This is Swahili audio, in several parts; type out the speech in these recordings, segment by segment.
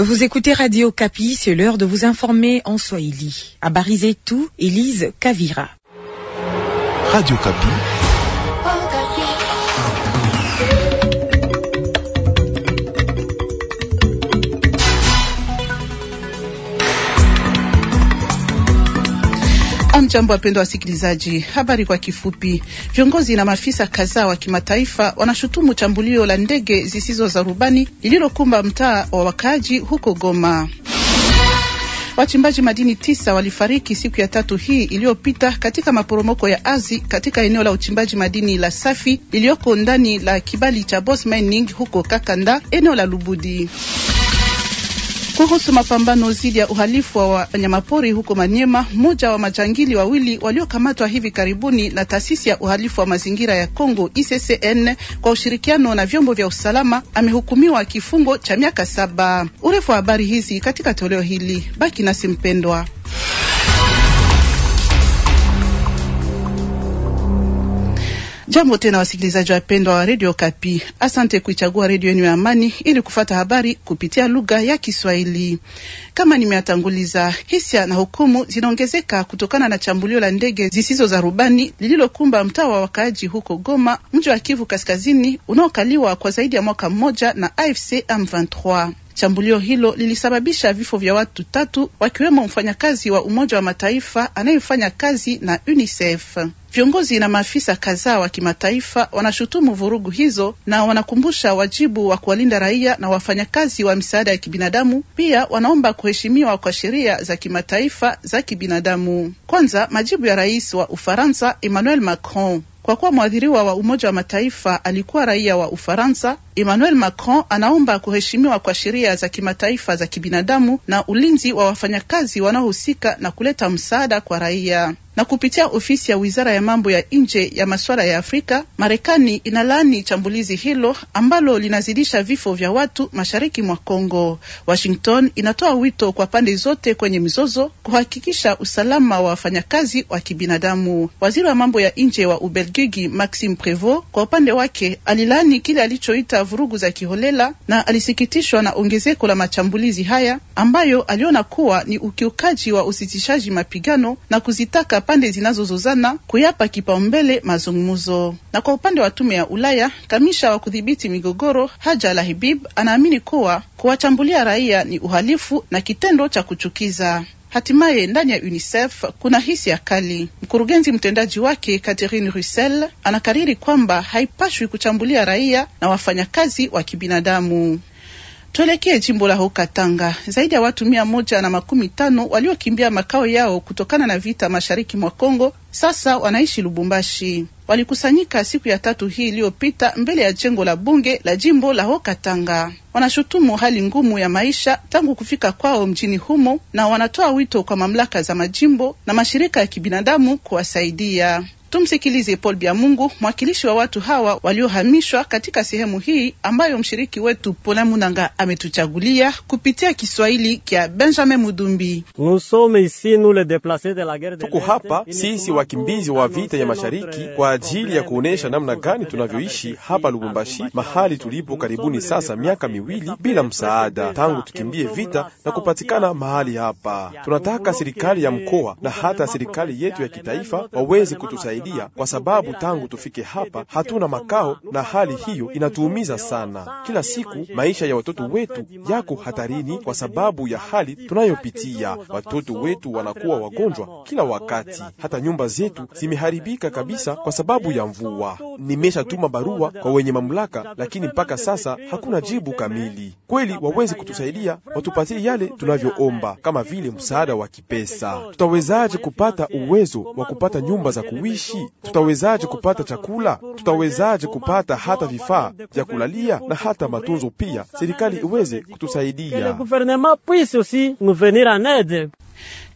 Vous écoutez Radio Capi, c'est l'heure de vous informer en Swahili. À tout, Elise Kavira. Radio Capi. Hamjambo, wapendwa wasikilizaji, habari kwa kifupi. Viongozi na maafisa kadhaa wa kimataifa wanashutumu shambulio la ndege zisizo za rubani lililokumba mtaa wa wakaaji huko Goma. Wachimbaji madini tisa walifariki siku ya tatu hii iliyopita katika maporomoko ya ardhi katika eneo la uchimbaji madini la Safi iliyoko ndani la kibali cha Boss Mining huko Kakanda, eneo la Lubudi. Kuhusu mapambano dhidi ya uhalifu wa wanyamapori huko Manyema, mmoja wa majangili wawili waliokamatwa hivi karibuni na taasisi ya uhalifu wa mazingira ya Kongo ICCN kwa ushirikiano na vyombo vya usalama amehukumiwa kifungo cha miaka saba. Urefu wa habari hizi katika toleo hili, baki nasi mpendwa. Jambo tena wasikilizaji wapendwa wa redio Kapi, asante kuichagua redio yenu ya amani ili kufata habari kupitia lugha ya Kiswahili. Kama nimeatanguliza, hisia na hukumu zinaongezeka kutokana na chambulio la ndege zisizo za rubani lililokumba mtaa wa wakaaji huko Goma, mji wa Kivu Kaskazini unaokaliwa kwa zaidi ya mwaka mmoja na AFC M23. Shambulio hilo lilisababisha vifo vya watu tatu, wakiwemo mfanyakazi wa Umoja wa Mataifa anayefanya kazi na UNICEF. Viongozi na maafisa kadhaa wa kimataifa wanashutumu vurugu hizo na wanakumbusha wajibu wa kuwalinda raia na wafanyakazi wa misaada ya kibinadamu. Pia wanaomba kuheshimiwa kwa sheria za kimataifa za kibinadamu. Kwanza majibu ya rais wa Ufaransa Emmanuel Macron. Kwa kuwa mwathiriwa wa Umoja wa Mataifa alikuwa raia wa Ufaransa, Emmanuel Macron anaomba kuheshimiwa kwa sheria za kimataifa za kibinadamu na ulinzi wa wafanyakazi wanaohusika na kuleta msaada kwa raia na kupitia ofisi ya wizara ya mambo ya nje ya masuala ya Afrika, Marekani inalaani shambulizi hilo ambalo linazidisha vifo vya watu mashariki mwa Kongo. Washington inatoa wito kwa pande zote kwenye mizozo kuhakikisha usalama wa wafanyakazi wa kibinadamu. Waziri wa mambo ya nje wa Ubelgiji Maxime Prevot kwa upande wake alilaani kile alichoita vurugu za kiholela na alisikitishwa na ongezeko la mashambulizi haya ambayo aliona kuwa ni ukiukaji wa usitishaji mapigano na kuzitaka pande zinazozozana kuyapa kipaumbele mazungumzo. Na kwa upande wa tume ya Ulaya, kamisha wa kudhibiti migogoro Haja Al anaamini kuwa kuwachambulia raia ni uhalifu na kitendo cha kuchukiza. Hatimaye ndani ya UNICEF kuna hisia kali. Mkurugenzi mtendaji wake Catherine Russell anakariri kwamba haipashwi kuchambulia raia na wafanyakazi wa kibinadamu. Tuelekee jimbo la Haut-Katanga. Zaidi ya watu mia moja na makumi tano waliokimbia makao yao kutokana na vita mashariki mwa Kongo sasa wanaishi Lubumbashi. Walikusanyika siku ya tatu hii iliyopita mbele ya jengo la bunge la jimbo la Haut-Katanga. Wanashutumu hali ngumu ya maisha tangu kufika kwao mjini humo, na wanatoa wito kwa mamlaka za majimbo na mashirika ya kibinadamu kuwasaidia. Tumsikilize Paul Biamungu, mwakilishi wa watu hawa waliohamishwa katika sehemu hii ambayo mshiriki wetu Pola Munanga ametuchagulia kupitia Kiswahili kya Benjamin Mudumbi. Tuko hapa sisi wakimbizi wa vita ya mashariki kwa ajili ya kuonyesha namna gani tunavyoishi hapa Lubumbashi, mahali tulipo karibuni sasa miaka miwili bila msaada tangu tukimbie vita na kupatikana mahali hapa. Tunataka serikali ya mkoa na hata serikali yetu ya kitaifa waweze kutusaidia kutusaidia, kwa sababu tangu tufike hapa hatuna makao, na hali hiyo inatuumiza sana. Kila siku maisha ya watoto wetu yako hatarini kwa sababu ya hali tunayopitia. Watoto wetu wanakuwa wagonjwa kila wakati, hata nyumba zetu zimeharibika kabisa kwa sababu ya mvua. Nimeshatuma barua kwa wenye mamlaka, lakini mpaka sasa hakuna jibu kamili. Kweli waweze kutusaidia, watupatie yale tunavyoomba, kama vile msaada wa kipesa. Tutawezaje kupata uwezo wa kupata nyumba za kuishi kuishi? Tutawezaje kupata chakula? Tutawezaje kupata hata vifaa vya kulalia na hata matunzo? Pia serikali iweze kutusaidia.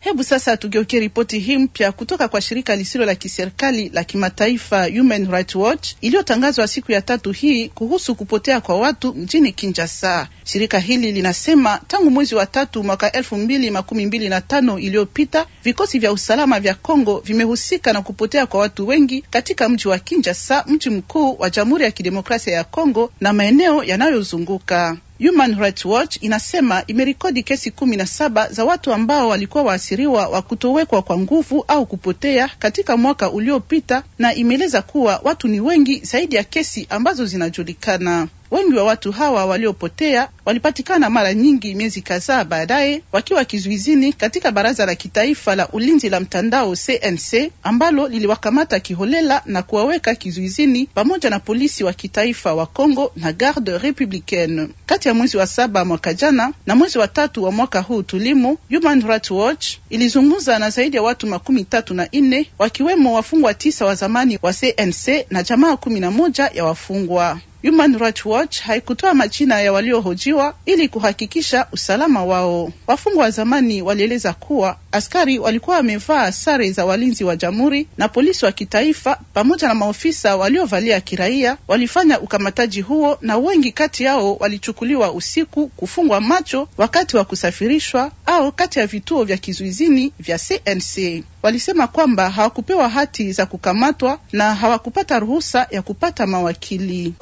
Hebu sasa tugeukie ripoti hii mpya kutoka kwa shirika lisilo la kiserikali la kimataifa Human Rights Watch iliyotangazwa siku ya tatu hii kuhusu kupotea kwa watu mjini Kinshasa. Shirika hili linasema tangu mwezi wa tatu mwaka elfu mbili makumi mbili na tano iliyopita vikosi vya usalama vya Kongo vimehusika na kupotea kwa watu wengi katika mji wa Kinshasa, mji mkuu wa Jamhuri ya Kidemokrasia ya Kongo na maeneo yanayozunguka. Human Rights Watch inasema imerekodi kesi kumi na saba za watu ambao walikuwa waasi waathiriwa wa kutowekwa kwa nguvu au kupotea katika mwaka uliopita, na imeeleza kuwa watu ni wengi zaidi ya kesi ambazo zinajulikana. Wengi wa watu hawa waliopotea walipatikana mara nyingi miezi kadhaa baadaye wakiwa kizuizini katika baraza la kitaifa la ulinzi la mtandao CNC ambalo liliwakamata kiholela na kuwaweka kizuizini pamoja na polisi wa kitaifa wa congo na Garde Republicaine. Kati ya mwezi wa saba mwaka jana na mwezi wa tatu wa mwaka huu tulimo, Human Rights Watch ilizungumza na zaidi ya watu makumi tatu na nne wakiwemo wafungwa tisa wa zamani wa CNC na jamaa kumi na moja ya wafungwa. Human Rights Watch haikutoa majina ya waliohojiwa ili kuhakikisha usalama wao. Wafungwa wa zamani walieleza kuwa askari walikuwa wamevaa sare za walinzi wa jamhuri na polisi wa kitaifa pamoja na maofisa waliovalia kiraia walifanya ukamataji huo, na wengi kati yao walichukuliwa usiku, kufungwa macho wakati wa kusafirishwa au kati ya vituo vya kizuizini vya CNC. Walisema kwamba hawakupewa hati za kukamatwa na hawakupata ruhusa ya kupata mawakili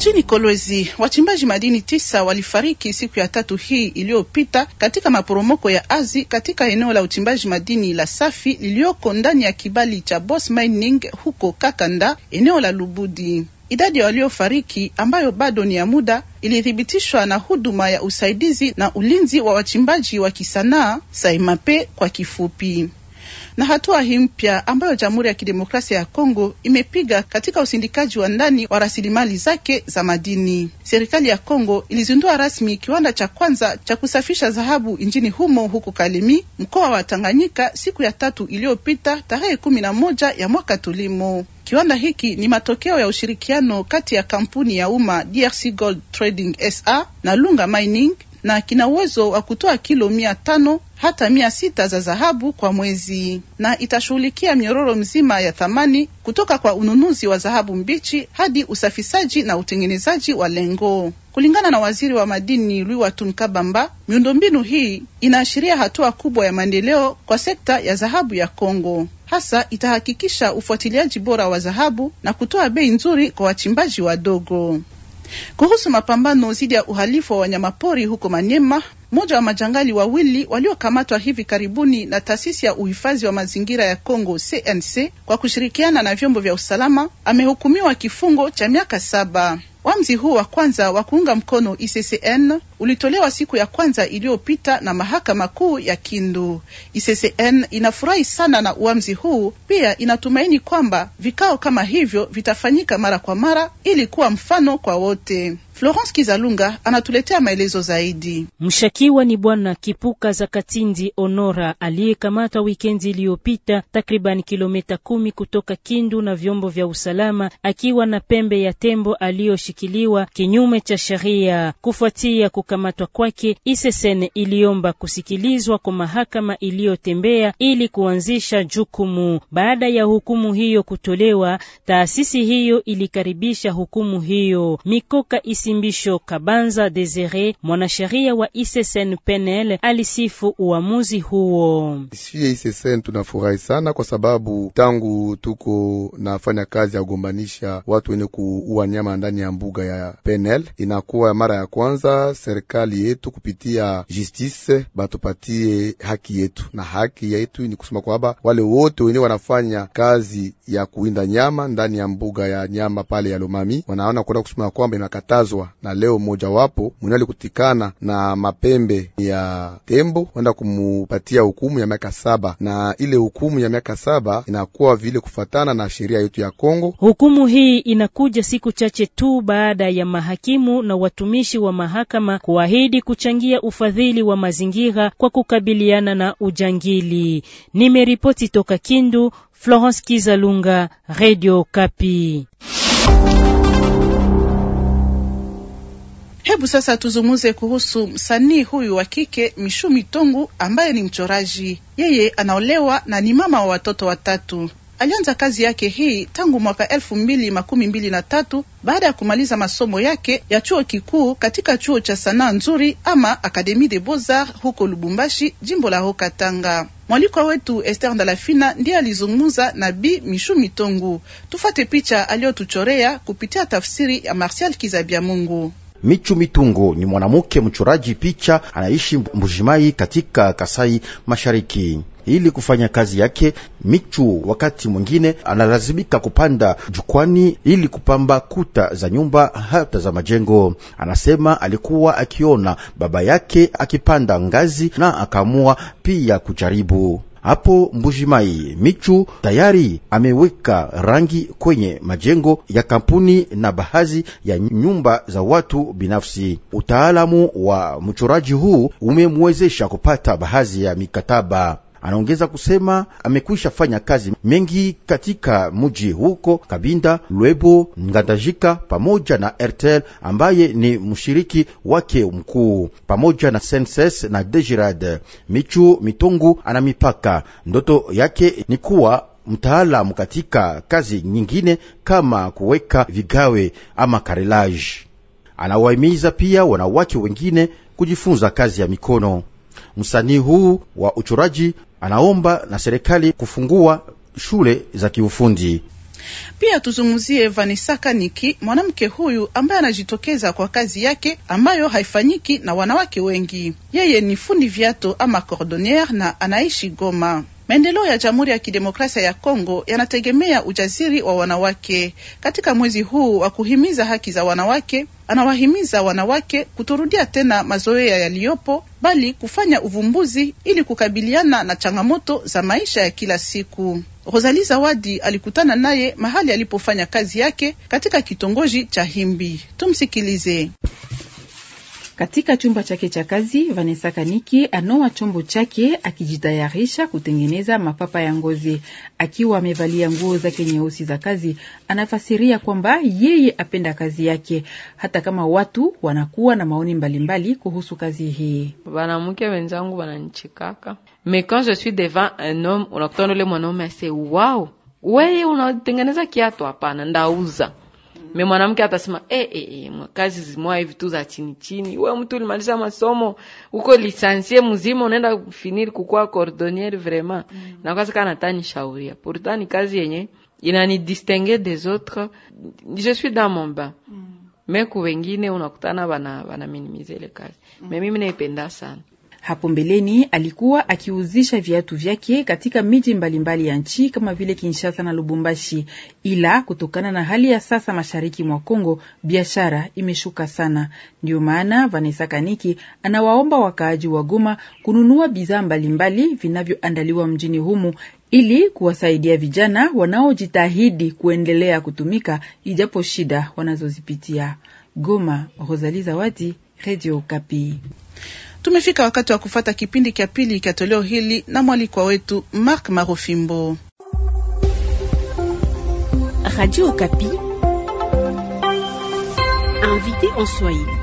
nchini Kolwezi wachimbaji madini tisa walifariki siku ya tatu hii iliyopita katika maporomoko ya azi katika eneo la uchimbaji madini la Safi lilioko ndani ya kibali cha Boss Mining huko Kakanda, eneo la Lubudi. Idadi ya waliofariki ambayo bado ni ya muda ilithibitishwa na huduma ya usaidizi na ulinzi wa wachimbaji wa kisanaa Saimape kwa kifupi na hatua hii mpya ambayo Jamhuri ya Kidemokrasia ya Kongo imepiga katika usindikaji wa ndani wa rasilimali zake za madini. Serikali ya Kongo ilizindua rasmi kiwanda cha kwanza cha kusafisha dhahabu nchini humo huko Kalemi, mkoa wa Tanganyika, siku ya tatu iliyopita tarehe kumi na moja ya mwaka tulimo. Kiwanda hiki ni matokeo ya ushirikiano kati ya kampuni ya umma DRC Gold Trading SA na Lunga Mining na kina uwezo wa kutoa kilo mia tano hata mia sita za dhahabu kwa mwezi, na itashughulikia mnyororo mzima ya thamani kutoka kwa ununuzi wa dhahabu mbichi hadi usafisaji na utengenezaji wa lengo. Kulingana na waziri wa madini Lwiwatu miundo miundombinu hii inaashiria hatua kubwa ya maendeleo kwa sekta ya dhahabu ya Kongo. Hasa itahakikisha ufuatiliaji bora wa dhahabu na kutoa bei nzuri kwa wachimbaji wadogo. Kuhusu mapambano dhidi ya uhalifu wa wanyamapori huko Manyema, mmoja wa majangali wawili waliokamatwa hivi karibuni na taasisi ya uhifadhi wa mazingira ya congo CNC kwa kushirikiana na vyombo vya usalama amehukumiwa kifungo cha miaka saba. Wamzi huu wa kwanza wa kuunga mkono ICCN ulitolewa siku ya kwanza iliyopita na mahakama kuu ya Kindu. ICCN inafurahi sana na uamzi huu, pia inatumaini kwamba vikao kama hivyo vitafanyika mara kwa mara ili kuwa mfano kwa wote. Florence Kizalunga anatuletea maelezo zaidi. Mshakiwa ni bwana Kipuka za Katindi Onora aliyekamatwa wikendi iliyopita takriban kilomita kumi kutoka Kindu na vyombo vya usalama akiwa na pembe ya tembo aliyoshikiliwa kinyume cha sheria. Kufuatia kukamatwa kwake, Isesene iliomba kusikilizwa kwa mahakama iliyotembea ili kuanzisha jukumu. Baada ya hukumu hiyo kutolewa, taasisi hiyo ilikaribisha hukumu hiyo. Mikoka isi Msimbisho Kabanza Desire, mwanasheria wa ISSN Penel, alisifu uamuzi huo. Sisi ISSN tunafurahi sana kwa sababu tangu tuko nafanya kazi ya kugombanisha watu wenye kuua nyama ndani ya mbuga ya Penel, inakuwa mara ya kwanza serikali yetu kupitia justice batupatie haki yetu, na haki yetu ni kusema kwamba wale wote wenye wanafanya kazi ya kuinda nyama ndani ya mbuga ya nyama pale ya Lomami wanaona kwenda kusema kwamba inakatazwa dawa, na leo mmojawapo mwenye alikutikana na mapembe ya tembo kwenda kumupatia hukumu ya miaka saba, na ile hukumu ya miaka saba inakuwa vile kufatana na sheria yetu ya Kongo. Hukumu hii inakuja siku chache tu baada ya mahakimu na watumishi wa mahakama kuahidi kuchangia ufadhili wa mazingira kwa kukabiliana na ujangili. Nimeripoti toka Kindu, Florence Kizalunga, Radio Kapi. Hebu sasa tuzungumze kuhusu msanii huyu wa kike Mishumi Tongu ambaye ni mchoraji. Yeye anaolewa na ni mama wa watoto watatu. Alianza kazi yake hii tangu mwaka elfu mbili makumi mbili na tatu baada ya kumaliza masomo yake ya chuo kikuu katika chuo cha sanaa nzuri ama Akademie de Beaux-Arts huko Lubumbashi, jimbo la hoka tanga Mwalikwa wetu Esther Ndalafina ndiye alizungumza na Bi Mishumi Tongu. Tufate picha aliyotuchorea kupitia tafsiri ya Martial Kizabiamungu. Michu Mitungo ni mwanamke mchoraji picha anaishi Mbujimai katika Kasai Mashariki. Ili kufanya kazi yake, Michu wakati mwingine analazimika kupanda jukwani ili kupamba kuta za nyumba hata za majengo. Anasema alikuwa akiona baba yake akipanda ngazi na akaamua pia kujaribu hapo Mbujimai. Michu tayari ameweka rangi kwenye majengo ya kampuni na baadhi ya nyumba za watu binafsi. Utaalamu wa mchoraji huu umemwezesha kupata baadhi ya mikataba. Anaongeza kusema amekwisha fanya kazi mengi katika muji huko Kabinda, Lwebo, Ngandajika pamoja na Airtel ambaye ni mshiriki wake mkuu pamoja na Senses na Dejirad. Michu Mitongu ana mipaka. Ndoto yake ni kuwa mtaalamu katika kazi nyingine kama kuweka vigawe ama karelage. Anawahimiza pia wanawake wengine kujifunza kazi ya mikono. Msanii huu wa uchoraji anaomba na serikali kufungua shule za kiufundi. Pia tuzungumzie Vanessa Kaniki, mwanamke huyu ambaye anajitokeza kwa kazi yake ambayo haifanyiki na wanawake wengi. Yeye ni fundi viato ama cordonier na anaishi Goma. Maendeleo ya Jamhuri ya Kidemokrasia ya Kongo yanategemea ujasiri wa wanawake. Katika mwezi huu wa kuhimiza haki za wanawake, anawahimiza wanawake kutorudia tena mazoea yaliyopo, bali kufanya uvumbuzi ili kukabiliana na changamoto za maisha ya kila siku. rosali Zawadi alikutana naye mahali alipofanya kazi yake katika kitongoji cha Himbi. Tumsikilize. Katika chumba chake cha kazi, Vanessa Kaniki anoa chombo chake akijitayarisha kutengeneza mapapa ya ngozi. Akiwa amevalia nguo zake nyeusi za kazi, anafasiria kwamba yeye apenda kazi yake, hata kama watu wanakuwa na maoni mbalimbali mbali kuhusu kazi hii. Wanamke wenzangu wananchikaka me quand je suis devant un homme, unakutana ule mwanaume ase, wow, weye unatengeneza kiatu? Hapana, ndauza Me mwanamke atasema eh, eh, eh, kazi zimwa hivi tu za chini chini. Wewe mtu ulimaliza masomo, uko lisansie mzima unaenda finir kukua cordonnier vraiment. Mm. Na kazi kana tani shauria. Pourtant ni kazi yenye inani distinguer des autres. Je suis dans mon bain. Mm. Meku wengine unakutana bana bana minimize ile kazi. Mm. Me mimi naipenda sana. Hapo mbeleni alikuwa akiuzisha viatu vyake katika miji mbalimbali ya nchi kama vile Kinshasa na Lubumbashi, ila kutokana na hali ya sasa mashariki mwa Kongo, biashara imeshuka sana. Ndio maana Vanessa Kaniki anawaomba wakaaji wa Goma kununua bidhaa mbalimbali vinavyoandaliwa mjini humu ili kuwasaidia vijana wanaojitahidi kuendelea kutumika ijapo shida wanazozipitia. Goma, Rosalie Zawadi, Radio Kapi. Tumefika wakati wa kufata kipindi cha pili cha toleo hili na mwalikwa wetu Mark Marofimbo, Radio Okapi, invité en Swahili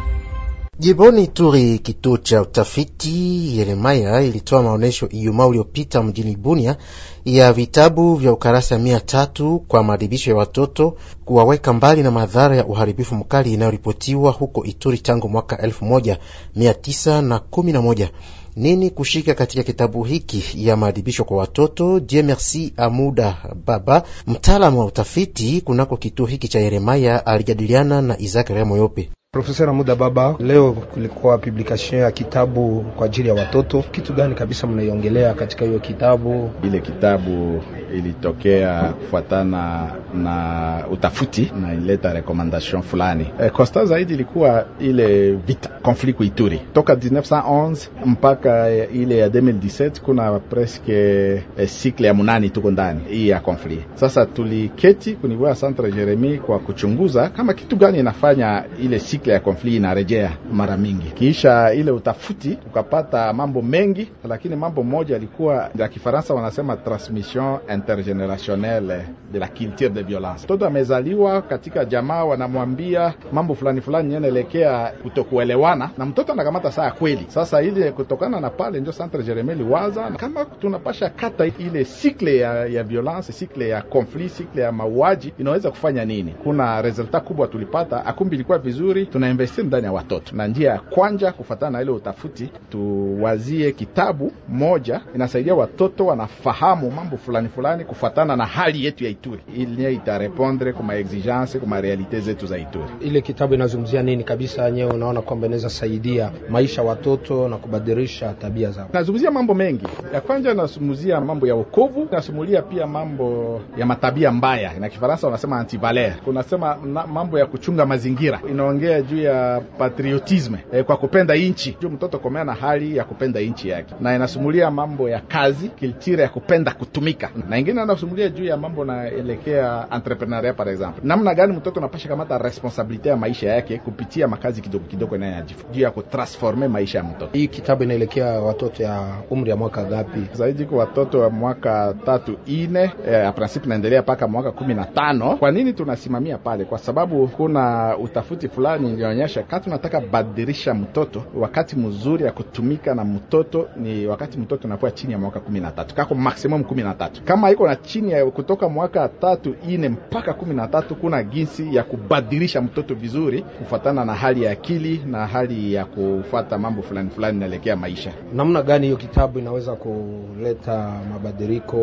jiboni turi kituo cha utafiti Yeremaya ilitoa maonyesho Ijumaa uliopita mjini Bunia ya vitabu vya ukarasa mia tatu kwa maadhibisho ya watoto kuwaweka mbali na madhara ya uharibifu mkali inayoripotiwa huko Ituri tangu mwaka elfu moja mia tisa na kumi na moja. Nini kushika katika kitabu hiki ya maadhibisho kwa watoto? Je, Merci Amuda Baba, mtaalamu wa utafiti kunako kituo hiki cha Yeremaya, alijadiliana na Isaac Remoyope. Profesa Muda Baba, leo kulikuwa publication ya kitabu kwa ajili ya watoto. Kitu gani kabisa mnaiongelea katika hiyo kitabu? Ile kitabu ilitokea kufuatana na utafuti na ileta recommendation fulani. E, eh, kosta zaidi ilikuwa ile vita conflict Ituri toka 1911 mpaka ile ya 2017 kuna presque sikle eh, ya munani tuko ndani hii ya conflict. Sasa tuliketi kunivua Centre Jeremie kwa kuchunguza kama kitu gani inafanya ile sikle ya konfli inarejea mara mingi, kisha ile utafuti ukapata mambo mengi, lakini mambo moja alikuwa ya Kifaransa wanasema transmission intergenerationnelle de la culture de violence. Mtoto amezaliwa katika jamaa, wanamwambia mambo fulani fulani yanaelekea kutokuelewana, na mtoto anakamata saa kweli. Sasa ile kutokana na pale ndio Centre Jeremie liwaza kama tunapasha kata ile sikle ya, ya violence, sikle ya konfli, sikle ya mauaji inaweza kufanya nini? Kuna resulta kubwa tulipata, akumbi ilikuwa vizuri tunainvesti ndani ya watoto, na njia ya kwanja kufuatana na ile utafuti, tuwazie kitabu moja inasaidia watoto wanafahamu mambo fulani fulani kufuatana na hali yetu ya Ituri, ile itarepondre kuma exigence kuma realite zetu za Ituri. Ile kitabu inazungumzia nini kabisa, nyewe unaona kwamba inaweza saidia maisha watoto na kubadilisha tabia zao? Nazungumzia mambo mengi, ya kwanja nasumuzia mambo ya wokovu, nasumulia pia mambo ya matabia mbaya, na Kifaransa wanasema antivaleur, kunasema mambo ya kuchunga mazingira, inaongea kuongea juu ya patriotisme e, kwa kupenda nchi juu mtoto komea na hali ya kupenda nchi yake, na inasumulia mambo ya kazi, kiltira ya kupenda kutumika, na ingine anasumulia juu ya mambo naelekea entrepreneuria par exemple, namna gani mtoto anapasha kamata responsabilite ya maisha yake kupitia makazi kidogo kidogo, naye juu ya kutransforme maisha ya mtoto. Hii kitabu inaelekea watoto ya umri ya mwaka gapi Zaidi kwa watoto wa mwaka tatu ine, e, eh, prinsipi naendelea mpaka mwaka kumi na tano. Kwa nini tunasimamia pale? Kwa sababu kuna utafuti fulani inaonyesha kama tunataka badilisha mtoto, wakati mzuri ya kutumika na mtoto ni wakati mtoto anakuwa chini ya mwaka 13, kako maximum 13. Kama iko na chini ya kutoka mwaka tatu ine mpaka 13, kuna jinsi ya kubadilisha mtoto vizuri kufatana na hali ya akili na hali ya kufata mambo fulani fulani naelekea maisha. Namna gani hiyo kitabu inaweza kuleta mabadiliko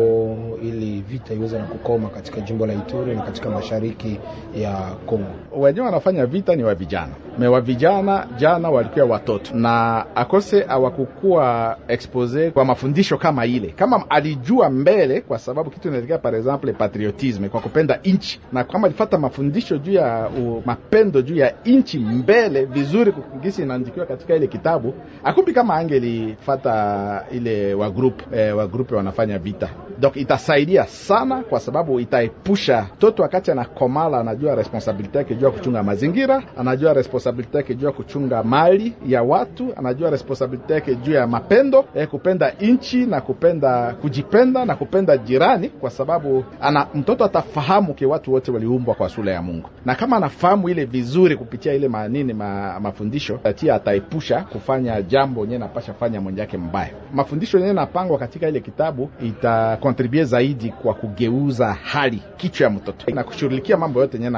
ili vita iweze na kukoma katika jimbo la Ituri na katika mashariki ya Kongo? Wenyewe wanafanya vita ni wa vijana Piano. mewa vijana jana walikuwa watoto na akose awakukuwa expose kwa mafundisho kama ile, kama alijua mbele, kwa sababu kitu inaelekea par exemple patriotisme kwa kupenda inchi, na kama alifata mafundisho juu ya mapendo juu ya inchi mbele vizuri, kukingisi inaandikiwa katika ile kitabu, akumbi kama angelifata ile wagrupe eh, group wanafanya vita donc itasaidia sana kwa sababu itaepusha toto wakati anakomala, anajua responsabilite yake, jua kuchunga mazingira, anajua responsabilite responsibility yake juu ya kuchunga mali ya watu, anajua responsibility yake juu ya mapendo e, kupenda nchi na kupenda kujipenda na kupenda jirani, kwa sababu ana mtoto atafahamu ke watu wote waliumbwa kwa sura ya Mungu, na kama anafahamu ile vizuri kupitia ile manini ma, mafundisho atia, ataepusha kufanya jambo yenye napasha fanya mwenye yake mbaya. Mafundisho yenye napangwa katika ile kitabu itakontribue zaidi kwa kugeuza hali kichwa ya mtoto na kushughulikia mambo yote yenye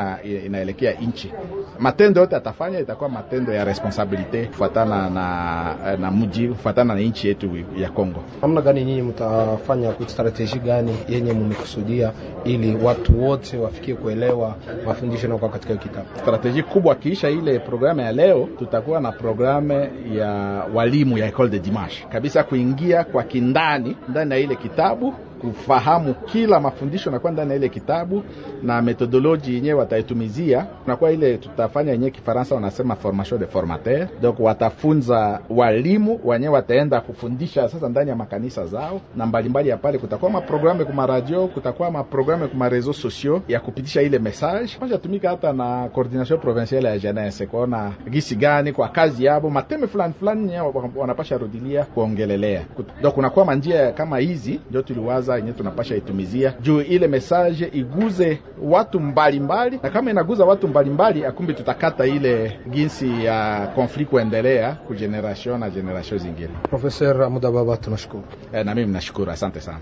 inaelekea nchi, matendo yote atafanya Kufanya itakuwa matendo ya responsabilite kufuatana na, eh, na mji kufuatana na nchi yetu ya Kongo. Namna gani nyinyi mtafanya strategy gani yenye mmekusudia ili watu wote wafikie kuelewa mafundisho na katika katika kitabu? Strateji kubwa kiisha ile programu ya leo, tutakuwa na programu ya walimu ya Ecole de Dimanche kabisa kuingia kwa kindani ndani ya ile kitabu kufahamu kila mafundisho nakuwa ndani ya ile kitabu na metodoloji yenyewe wataitumizia, nakuwa ile tutafanya yenyewe Kifaransa wanasema formation de formateur, donc watafunza walimu wenyewe wataenda kufundisha sasa ndani ya makanisa zao na mbalimbali ya pale. Kutakuwa maprogramu kuma radio, kutakuwa maprogramu kuma reseaux sociaux ya kupitisha ile message kwanza, tumika hata na coordination provinciale ya jeunesse kuona gisi gani kwa kazi yabo mateme fulani fulani wanapasha rudilia kuongelelea, donc kunakuwa manjia kama hizi ndio tuliwaza kwanza yenye tunapasha itumizia juu ile message iguze watu mbalimbali mbali, na kama inaguza watu mbalimbali akumbi tutakata ile ginsi ya konflikt kuendelea kugeneration na generation zingine. Profesa Mudababa, tunashukuru. E, na mimi nashukuru, asante sana.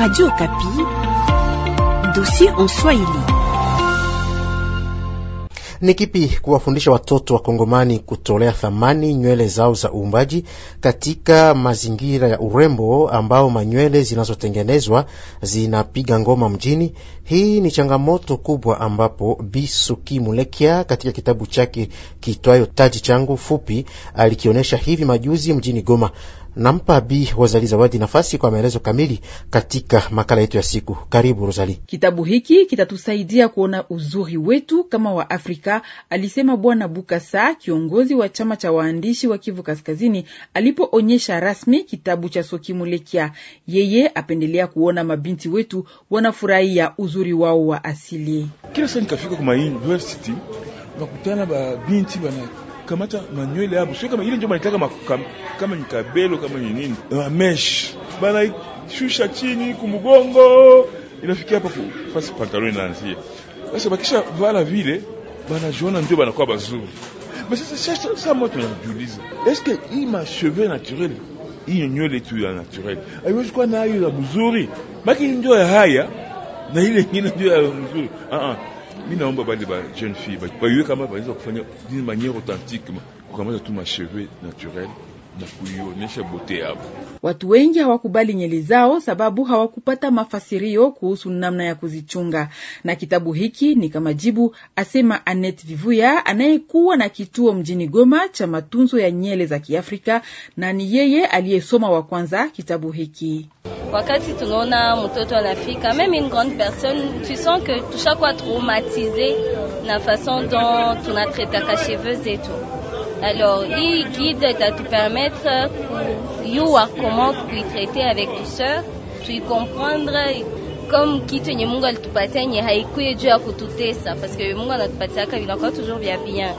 Radio Kapi, dossier en Swahili ni kipi kuwafundisha watoto wakongomani kutolea thamani nywele zao za uumbaji katika mazingira ya urembo ambao manywele zinazotengenezwa zinapiga ngoma mjini. Hii ni changamoto kubwa ambapo Bisuki Mulekia katika kitabu chake kitwayo Taji changu fupi alikionyesha hivi majuzi mjini Goma. Nampa Bi Rozali Zawadi nafasi kwa maelezo kamili katika makala yetu ya siku. Karibu Rosali. Kitabu hiki kitatusaidia kuona uzuri wetu kama wa Afrika, alisema Bwana Bukasa, kiongozi wa chama cha waandishi wa Kivu Kaskazini, alipoonyesha rasmi kitabu cha Sokimulekia. Yeye apendelea kuona mabinti wetu wanafurahia uzuri wao wa asili. Kila saa nikafika kwa University nakutana babinti bana kukamata manywele hapo, sio kama ile ndio banataka makam, kama ni kabelo kama ni nini na uh, mesh bana shusha chini kumgongo inafikia hapo fasi pantaloni inaanzia. Sasa bakisha vala vile bana banajiona ndio bana kwa bazuri. Basi sasa sasa moto mtu anajiuliza, est-ce que hii ma cheveux naturel hii nywele tu ya naturel haiwezi kuwa nayo ya mzuri, baki ndio ya haya na ile nyingine ndio ya mzuri. Ah ah mi naomba pas une jeune fille kama baweza d'une manière authentique, tout tu cheveux naturels. na kuionyesha bote yao. Watu wengi hawakubali nyele zao sababu hawakupata mafasirio kuhusu namna ya kuzichunga, na kitabu hiki ni kama jibu, asema Anet Vivuya anayekuwa na kituo mjini Goma cha matunzo ya nyele za Kiafrika, na ni yeye aliyesoma wa kwanza kitabu hiki. Wakati tunaona mtoto anafika meme une grande personne tu sens que tushakuwa traumatisé na façon dont tunatretaka cheveux zetu Alors, hii guide permettre kujua comment traiter avec douceur, comprendre comme qui te kitu yenye Mungu alitupatia yenye haikuye juu ya kututesa, paske Mungu anatupatiaka encore toujours bien bien.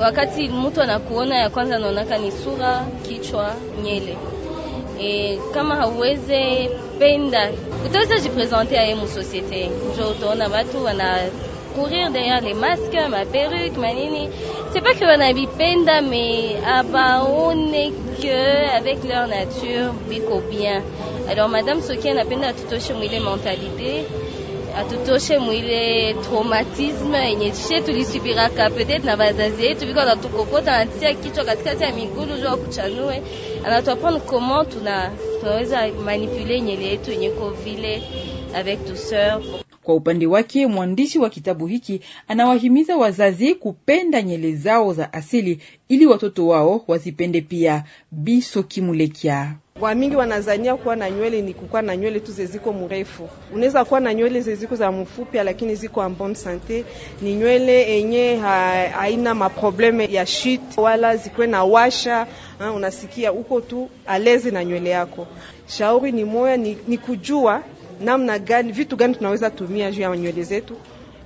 Wakati mtu anakuona ya kwanza, anaonaka ni sura, kichwa, nyele E, kama hauweze penda utaweza jipresente aye musosiete, njo utaona watu wana courir derrière les masques, ma perruque, manini pas sepaki wanavipenda me abaone ke avec leur nature biko bien. Alors Madame Soki anapenda atutoshe mwile mentalite atutoshe mwile traumatisme yenye tishe tulisubiraka peut-être na bazazi yetu, biko anatukokota anatia kichwa katikati ya migulu juu akuchanue, anatuapana comment tuna tunaweza manipule nyele yetu yenye ko vile avec douceur pour kwa upande wake, mwandishi wa kitabu hiki anawahimiza wazazi kupenda nyele zao za asili ili watoto wao wazipende pia. Kimulekya Wamingi wanazania kuwa na nywele ni kukuwa na nywele tu zeziko mrefu. Unaweza kuwa na nywele zeziko za mfupi, lakini ziko en bonne sante, ni nywele enye haina maprobleme ya shit wala zikwe na washa. Ha, unasikia uko tu alezi na nywele yako. Shauri ni moya ni, ni kujua namna gani, vitu gani tunaweza tumia juu ya nywele zetu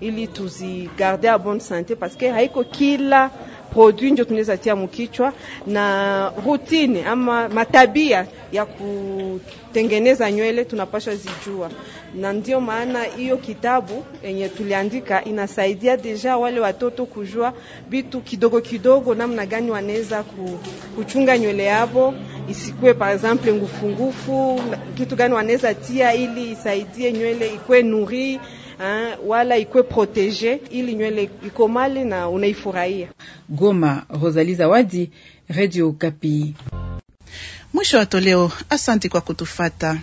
ili tuzigarde a bonne sante, parce que haiko kila produit ndio tunaweza tia mkichwa na rutine ama matabia ya kutengeneza nywele tunapasha zijua, na ndio maana hiyo kitabu yenye tuliandika inasaidia deja wale watoto kujua vitu kidogo kidogo, namna gani wanaweza kuchunga nywele yao isikuwe par exemple ngufungufu, kitu gani wanaweza tia ili isaidie nywele ikwe nuri hein, wala ikwe proteje ili nywele iko mali na unaifurahia. Goma, Rosalie Zawadi, Radio Kapi. Mwisho wa toleo. asante kwa kutufata.